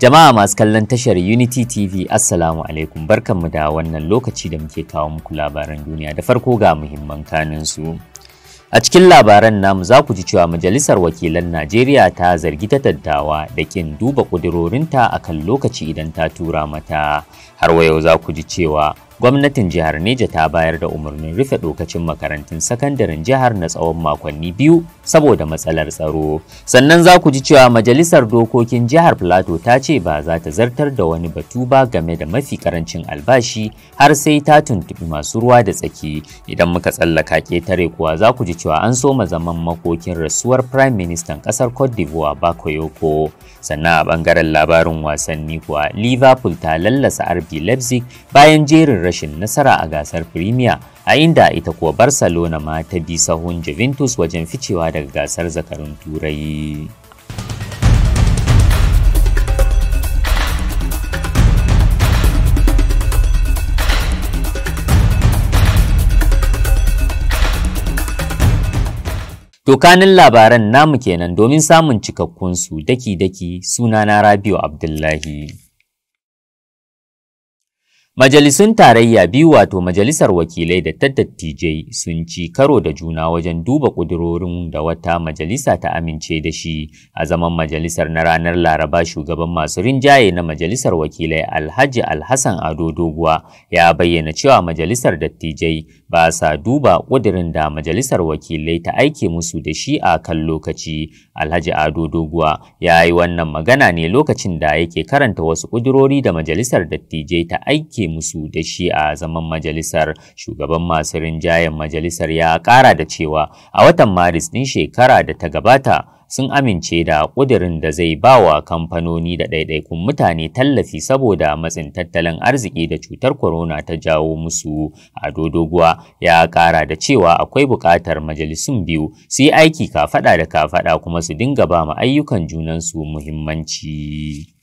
Jama'a masu kallon tashar Unity TV Assalamu alaikum barkanmu da wannan lokaci da muke kawo muku labaran duniya da farko ga muhimman kanin su. A cikin labaran namu za ku ji cewa Majalisar Wakilan Najeriya ta zargi ta daddawa da kin duba ƙudurorinta akan lokaci idan ta tura mata. Har wa yau za ku ji cewa gwamnatin jihar Neja ta bayar da umarnin rufe dokacin makarantun sakandaren jihar na tsawon makonni biyu saboda matsalar tsaro. Sannan za ku ji cewa majalisar dokokin jihar Plateau ta ce ba za ta zartar da wani batu ba game da mafi karancin albashi har sai ta tuntuɓi masu ruwa da tsaki. Idan muka tsallaka ƙetare kuwa za ku ji cewa an soma zaman makokin rasuwar Prime Minister ƙasar Cote d'Ivoire Bakoyoko. Sannan a ɓangaren labarin wasanni kuwa Liverpool ta lallasa RB Leipzig bayan jerin rashin nasara a gasar Premier a inda ita kuwa Barcelona ma ta bi sahun Juventus wajen ficewa daga gasar zakarun Turai. Dokanin labaran namu kenan domin samun cikakkun su daki-daki sunana Rabiu Abdullahi. Majalisun tarayya biyu wato majalisar wakilai da ta dattijai sun ci karo da juna wajen duba ƙudirorin da wata majalisa ta amince da shi a zaman majalisar na ranar Laraba shugaban masu rinjaye na majalisar wakilai Alhaji Alhassan Ado Doguwa ya bayyana cewa majalisar dattijai ba sa duba ƙudirin da majalisar wakilai ta aike musu da shi a kan lokaci. Alhaji Ado Doguwa ya yi wannan magana ne lokacin da yake karanta wasu ƙudirori da majalisar dattijai ta aike ake musu da shi a zaman majalisar shugaban masu rinjayen majalisar ya kara da cewa a watan maris ɗin shekara da ta gabata sun amince da ƙudirin da zai ba wa kamfanoni da ɗaiɗaikun mutane tallafi saboda matsin tattalin arziki da cutar corona ta jawo musu a dodoguwa ya ƙara da cewa akwai buƙatar majalisun biyu su yi aiki kafaɗa da kafaɗa kuma su dinga ba ma ayyukan junansu muhimmanci.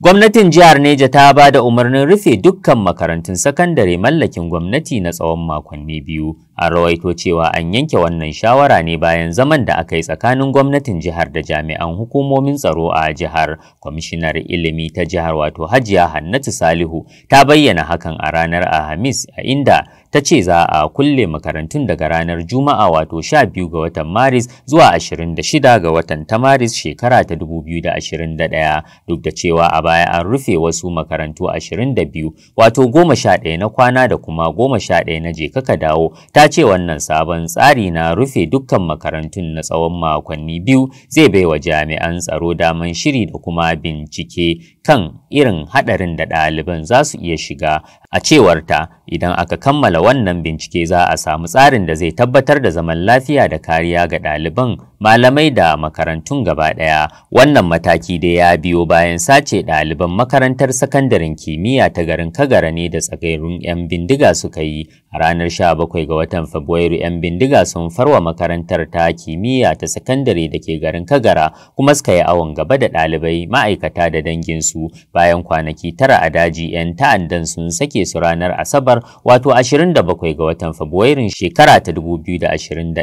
Gwamnatin jihar Neja ta ba da umarnin rufe dukkan makarantun sakandare mallakin gwamnati na tsawon makonni biyu. A rawaito cewa an yanke wannan shawara ne bayan zaman da aka yi tsakanin gwamnatin jihar da jami'an hukumomin tsaro a jihar. Kwamishinar ilimi ta jihar wato Hajiya Hannatu Salihu ta bayyana hakan a ranar Alhamis a inda ta ce za a kulle makarantun daga ranar Juma'a wato 12 ga watan Maris zuwa 26 ga watan ta Maris shekara ta 2021 duk da cewa a baya an rufe wasu makarantu 22 wato 11 na kwana da kuma 11 na je kaka dawo ta ce wannan sabon tsari na rufe dukkan makarantun na tsawon makonni biyu zai baiwa jami'an tsaro daman shiri da kuma bincike kan irin haɗarin da ɗaliban za su iya shiga a cewarta idan aka kammala wannan bincike za a samu tsarin da zai tabbatar da zaman lafiya da kariya ga ɗaliban malamai da makarantun gaba ɗaya wannan mataki da ya biyo bayan sace ɗaliban makarantar sakandaren kimiyya ta garin kagara ne da tsagairun 'yan bindiga suka yi a ranar 17 ga watan fabrairu 'yan bindiga sun farwa makarantar ta kimiyya ta sakandare da ke garin kagara kuma suka yi awon gaba da ɗalibai ma'aikata da danginsu bayan kwanaki tara a daji 'yan ta'addan sun sake su ranar asabar wato 27 ga watan fabrairun shekara ta 2021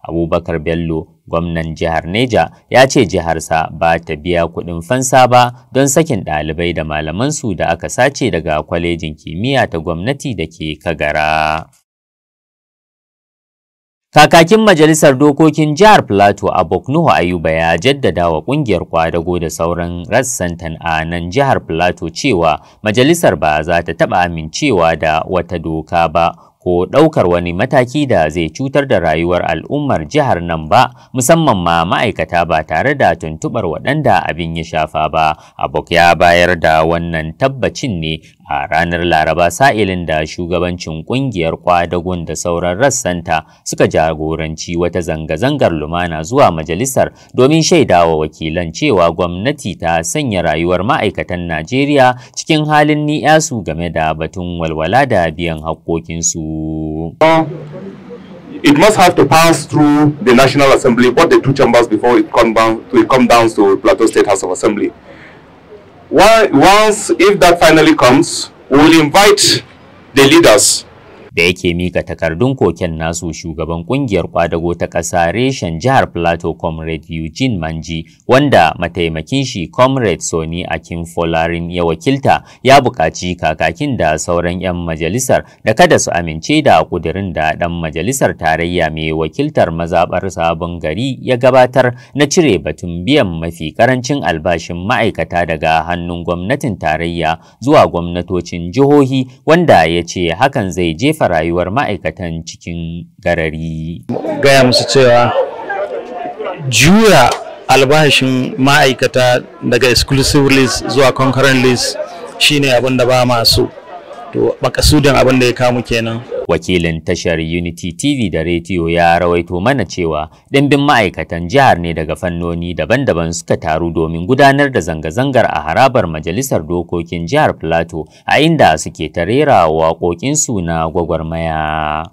abubakar bello Gwamnan jihar Neja ya ce jiharsa ba ta biya kuɗin fansa ba don sakin ɗalibai da malamansu da aka sace daga kwalejin kimiyya ta gwamnati da ke Kagara. Kakakin Majalisar Dokokin Jihar Plateau Aboknuhu Ayuba ya jaddada wa kungiyar kwadago da sauran rassan tan'anan jihar Plateau cewa majalisar ba za ta taɓa amincewa da wata doka ba ko ɗaukar wani mataki da zai cutar da rayuwar al'ummar jihar nan ba musamman ma ma'aikata ba tare da tuntuɓar waɗanda abin ya shafa ba abok ya bayar da wannan tabbacin ne a ranar laraba sa'ilin da shugabancin kungiyar kwadagun da sauran rassanta suka jagoranci wata zanga-zangar lumana zuwa majalisar domin shaidawa wakilan cewa gwamnati ta sanya rayuwar ma'aikatan najeriya cikin halin ni'yasu game da batun walwala da biyan haƙƙoƙinsu It must have to pass through the National Assembly, what the two chambers before it come down, it come down to Plateau State House of Assembly. Once, if that finally comes, we will invite the leaders da yake mika takardun koken nasu shugaban kungiyar kwadago ta ƙasa reshen jihar plateau comrade eugene manji wanda mataimakin shi comrade sony akin folarin ya wakilta ya buƙaci kakakin da sauran 'yan majalisar da kada su amince da ƙudurin da ɗan majalisar tarayya mai wakiltar mazaɓar sabon gari ya gabatar na cire batun biyan mafi ƙarancin albashin ma'aikata daga hannun gwamnatin tarayya zuwa gwamnatocin jihohi wanda ya ce hakan zai jefa rayuwar ma'aikatan cikin garari. Gaya musu cewa juya albashin ma'aikata daga exclusive list zuwa concurrent list shine abin da ba masu to makasudin abin da ya kamu kenan. wakilin tashar unity tv da rediyo ya rawaito mana cewa dimbin ma'aikatan jihar ne daga fannoni daban-daban suka taru domin gudanar da zanga-zangar a harabar majalisar dokokin jihar plateau a inda suke tarera waƙoƙinsu na gwagwarmaya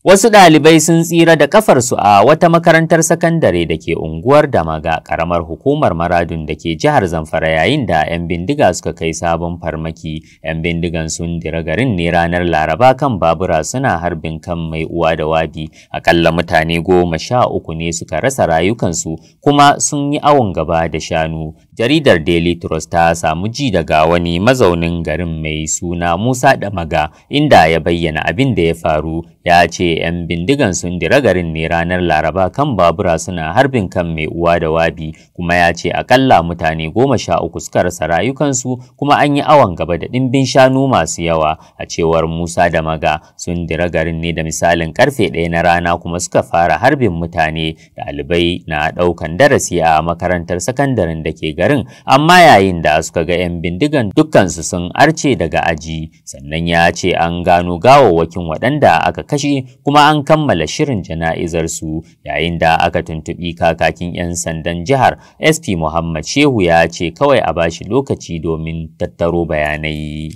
Wasu ɗalibai sun tsira da ƙafarsu a wata makarantar sakandare da ke unguwar Damaga ƙaramar hukumar Maradun da ke jihar Zamfara yayin da 'yan bindiga suka kai sabon farmaki. 'Yan bindigan sun dira garin ne ranar Laraba kan babura suna harbin kan mai uwa da wabi. Akalla mutane goma sha uku ne suka rasa rayukansu kuma sun yi awon gaba da shanu. jaridar daily trust ta samu ji daga wani mazaunin garin mai suna musa da Maga inda ya bayyana abin da ya faru ya ce 'yan bindigan sun dira garin ne ranar laraba kan babura suna harbin kan mai uwa da wabi kuma ya ce akalla mutane goma sha uku suka rasa rayukansu kuma an yi awon gaba da ɗimbin shanu masu yawa a cewar musa da Maga sun dira garin ne da misalin karfe ɗaya na rana kuma suka fara harbin mutane ɗalibai na ɗaukan darasi a makarantar sakandaren da ke garin garin amma yayin da suka ga 'yan bindigan dukkansu sun arce daga aji sannan ya ce an gano gawawwakin waɗanda aka kashe kuma an kammala shirin jana'izar su yayin da aka tuntuɓi kakakin 'yan sandan jihar sp muhammad shehu ya ce kawai a bashi lokaci domin tattaro bayanai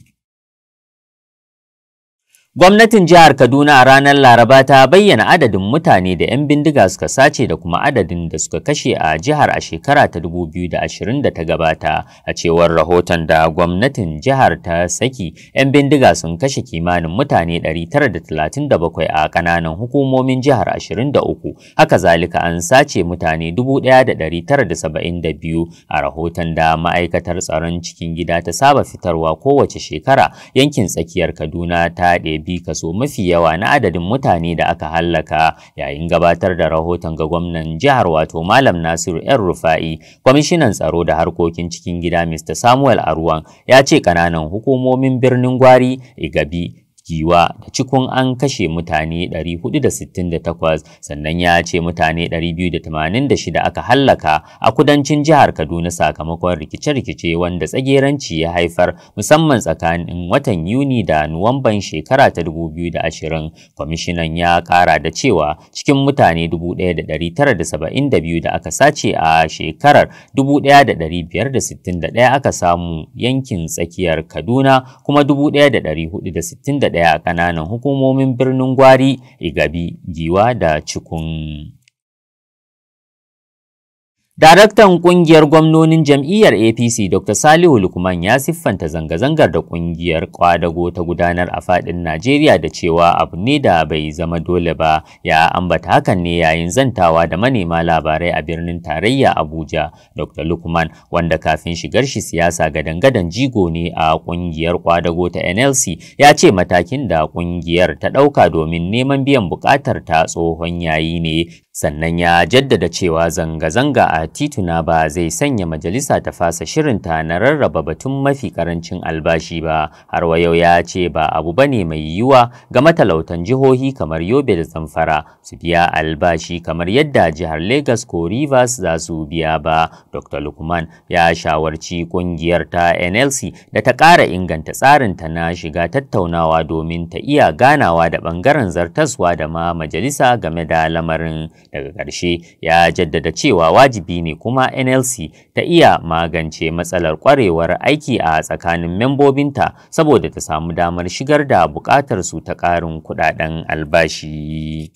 Gwamnatin jihar Kaduna a ranar Laraba ta bayyana adadin mutane da 'yan bindiga suka sace da kuma adadin da suka kashe a jihar a shekara ta 2020 da ta gabata. A cewar rahoton da gwamnatin jihar ta saki, 'yan bindiga sun kashe kimanin mutane 937 a kananan hukumomin jihar 23. Haka zalika an sace mutane 1,972 a rahoton da ma'aikatar tsaron cikin gida ta saba fitarwa kowace shekara yankin tsakiyar Kaduna ta ɗebi bi kaso mafi yawa na adadin mutane da aka hallaka yayin gabatar da rahoton ga gwamnan jihar wato Malam Nasiru ‘yan Rufa'i, kwamishinan tsaro da harkokin cikin gida Mr. Samuel Arwan ya ce ƙananan hukumomin birnin Gwari, Igabi, giwa da cikun an kashe mutane 468 sannan ya ce mutane 286 aka hallaka a kudancin jihar kaduna sakamakon rikice-rikice wanda tsageranci ya haifar musamman tsakanin watan yuni da nuwamban shekara ta 2020 kwamishinan ya kara da cewa cikin mutane 1972 da aka sace a shekarar 1561 aka samu yankin tsakiyar kaduna kuma 1461 daya kananan hukumomin birnin Gwari, Igabi, Giwa da Cikun. Daraktan kungiyar gwamnonin jam'iyyar APC Dr. Salihu Lukman ya siffanta zanga-zangar da kungiyar kwadago ta gudanar a fadin Najeriya da cewa abu ne da bai zama dole ba ya ambata hakan ne yayin zantawa da manema labarai a birnin tarayya Abuja. Dr. Lukman wanda kafin shigar shi siyasa gadan-gadan jigo ne a kungiyar kwadago ta NLC ya ce matakin da kungiyar ta ɗauka domin neman biyan buƙatar ta tsohon yayi ne sannan ya jaddada cewa zanga-zanga a tituna ba zai sanya majalisa ta fasa shirinta na rarraba batun mafi karancin albashi ba har wa yau ya ce ba abu ba ne mai yiwuwa ga matalautan jihohi kamar yobe da zamfara su biya albashi kamar yadda jihar lagos ko rivers za su biya ba dr lukman ya shawarci kungiyar ta nlc da ta ƙara inganta tsarinta na shiga tattaunawa domin ta iya ganawa da ɓangaren zartaswa da ma majalisa game da lamarin daga ƙarshe ya jaddada cewa wajibi ne kuma nlc ta iya magance matsalar ƙwarewar aiki a tsakanin membobinta saboda ta samu damar shigar da buƙatar su ta ƙarin kuɗaɗen albashi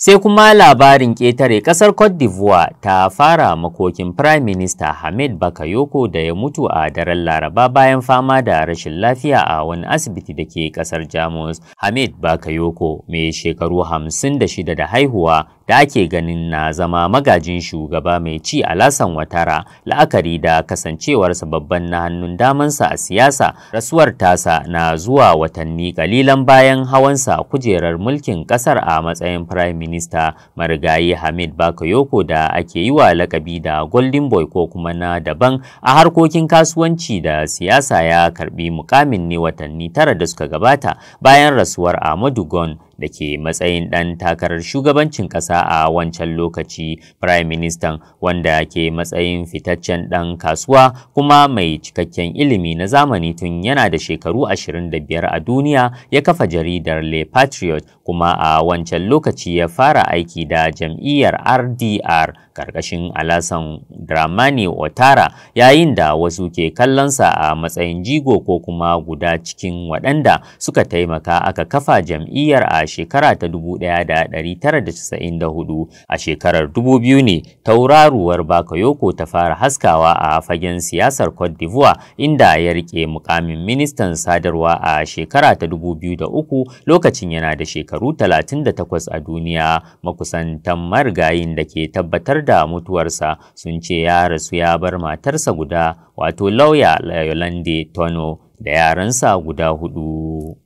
Sai kuma labarin ƙetare ƙasar Cote d'Ivoire ta fara makokin Prime Minister Hamid Bakayoko da ya mutu a daren Laraba bayan fama da rashin lafiya a wani asibiti da ke ƙasar Jamus. Hamid Bakayoko mai shekaru 56 da haihuwa da ake ganin na zama magajin shugaba mai ci a lasan watara la'akari da kasancewarsa babban na hannun damansa a siyasa rasuwar tasa na zuwa watanni kalilan bayan hawansa kujerar mulkin kasar a matsayin prime minister marigayi hamid bakayoko da ake yi wa lakabi da golden boy ko kuma na daban a harkokin kasuwanci da siyasa ya karbi mukamin ne watanni tara da suka gabata bayan rasuwar ahmadu gon da ke matsayin ɗan takarar shugabancin ƙasa a wancan lokaci prime minister wanda ke matsayin fitaccen ɗan kasuwa kuma mai cikakken ilimi na zamani tun yana da shekaru 25 a duniya ya kafa jaridar le patriot kuma a wancan lokaci ya fara aiki da jam'iyyar rdr karkashin alasan dramani otara yayin da wasu ke kallonsa a matsayin jigo ko kuma guda cikin waɗanda suka taimaka aka kafa jam'iyyar a shekara ta 1994 a shekarar 2000 ne tauraruwar bakayoko ta fara haskawa a fagen siyasar cote d'ivoire inda ya rike mukamin ministan sadarwa a shekara ta 2003 lokacin yana da shekaru 38 a duniya makusantan marigayin da ke tabbatar da mutuwarsa sun ce ya rasu ya bar matarsa guda wato lauya Yolande Tono da yaransa guda hudu.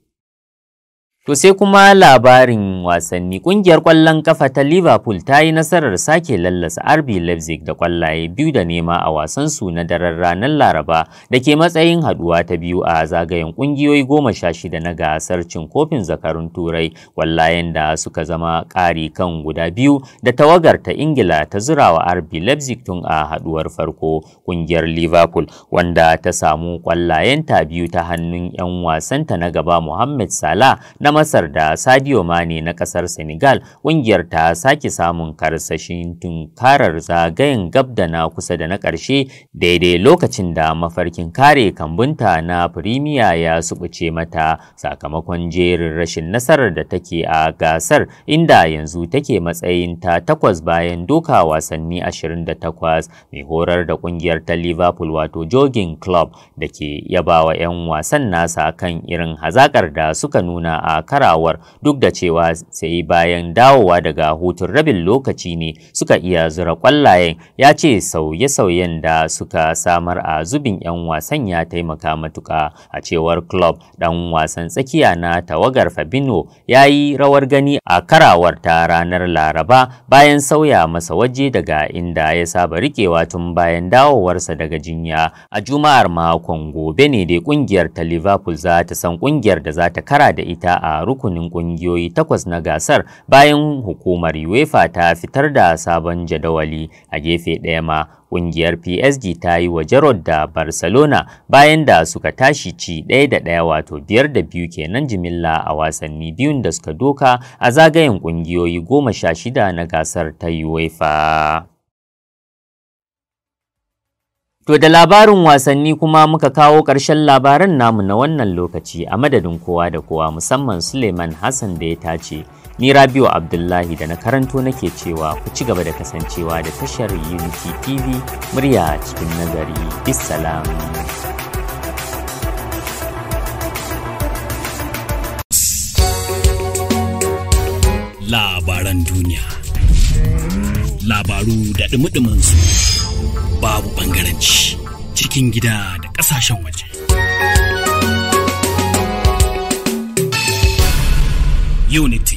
To sai kuma labarin wasanni ƙungiyar ƙwallon ƙafa ta Liverpool ta yi nasarar sake lallasa RB Leipzig da ƙwallaye biyu da nema a wasan su na daren ranar Laraba da ke matsayin haduwa ta biyu a zagayen ƙungiyoyi goma sha shida na gasar cin kofin zakarun Turai ƙwallayen da suka zama ƙari kan guda biyu da tawagar ta Ingila ta zurawa RB Leipzig tun a haduwar farko ƙungiyar Liverpool wanda ta samu ta biyu ta hannun 'yan wasanta na gaba Mohamed Salah Masar da Sadio Mane na ƙasar Senegal ƙungiyar ta sake samun karsashin tunkarar zagayen gab da na kusa da na ƙarshe daidai lokacin da mafarkin kare kambunta na Firimiya ya subuce mata sakamakon jerin rashin nasarar da take a gasar inda yanzu take matsayin ta takwas bayan doka wasanni 28 mai horar da ƙungiyar ta Liverpool wato Jogging Club da ke yabawa 'yan wasan nasa kan irin hazakar da suka nuna a karawar duk da cewa sai bayan dawowa daga hutun rabin lokaci ne suka iya zura kwallayen ya ce sauye-sauyen da suka samar a zubin 'yan wasan ya taimaka matuka a cewar club dan wasan tsakiya na tawagar Fabino ya yi rawar gani a karawar ta ranar Laraba bayan sauya masa waje daga inda ya saba rikewa tun bayan dawowarsa daga jinya a Juma'ar makon gobe ne dai kungiyar ta Liverpool za ta san kungiyar da za ta kara da ita a rukunin ƙungiyoyi takwas na gasar bayan hukumar UEFA ta fitar da sabon jadawali a gefe ɗaya ma ƙungiyar PSG ta yi wa Jarod da Barcelona bayan da suka tashi ci ɗaya da ɗaya wato biyar da biyu kenan jimilla a wasanni biyun da suka doka a zagayen ƙungiyoyi goma sha shida na gasar ta UEFA. To da labarin wasanni kuma muka kawo ƙarshen labaran namu na wannan lokaci a madadin kowa da kowa musamman Suleiman Hassan da ya tace. Ni Rabiu Abdullahi da na karanto nake cewa ku ci gaba da kasancewa da tashar Unity TV murya cikin nazari. Bissalam. Labaran duniya. Labaru da ɗumi babu ɓangaranci cikin gida da ƙasashen waje. Unity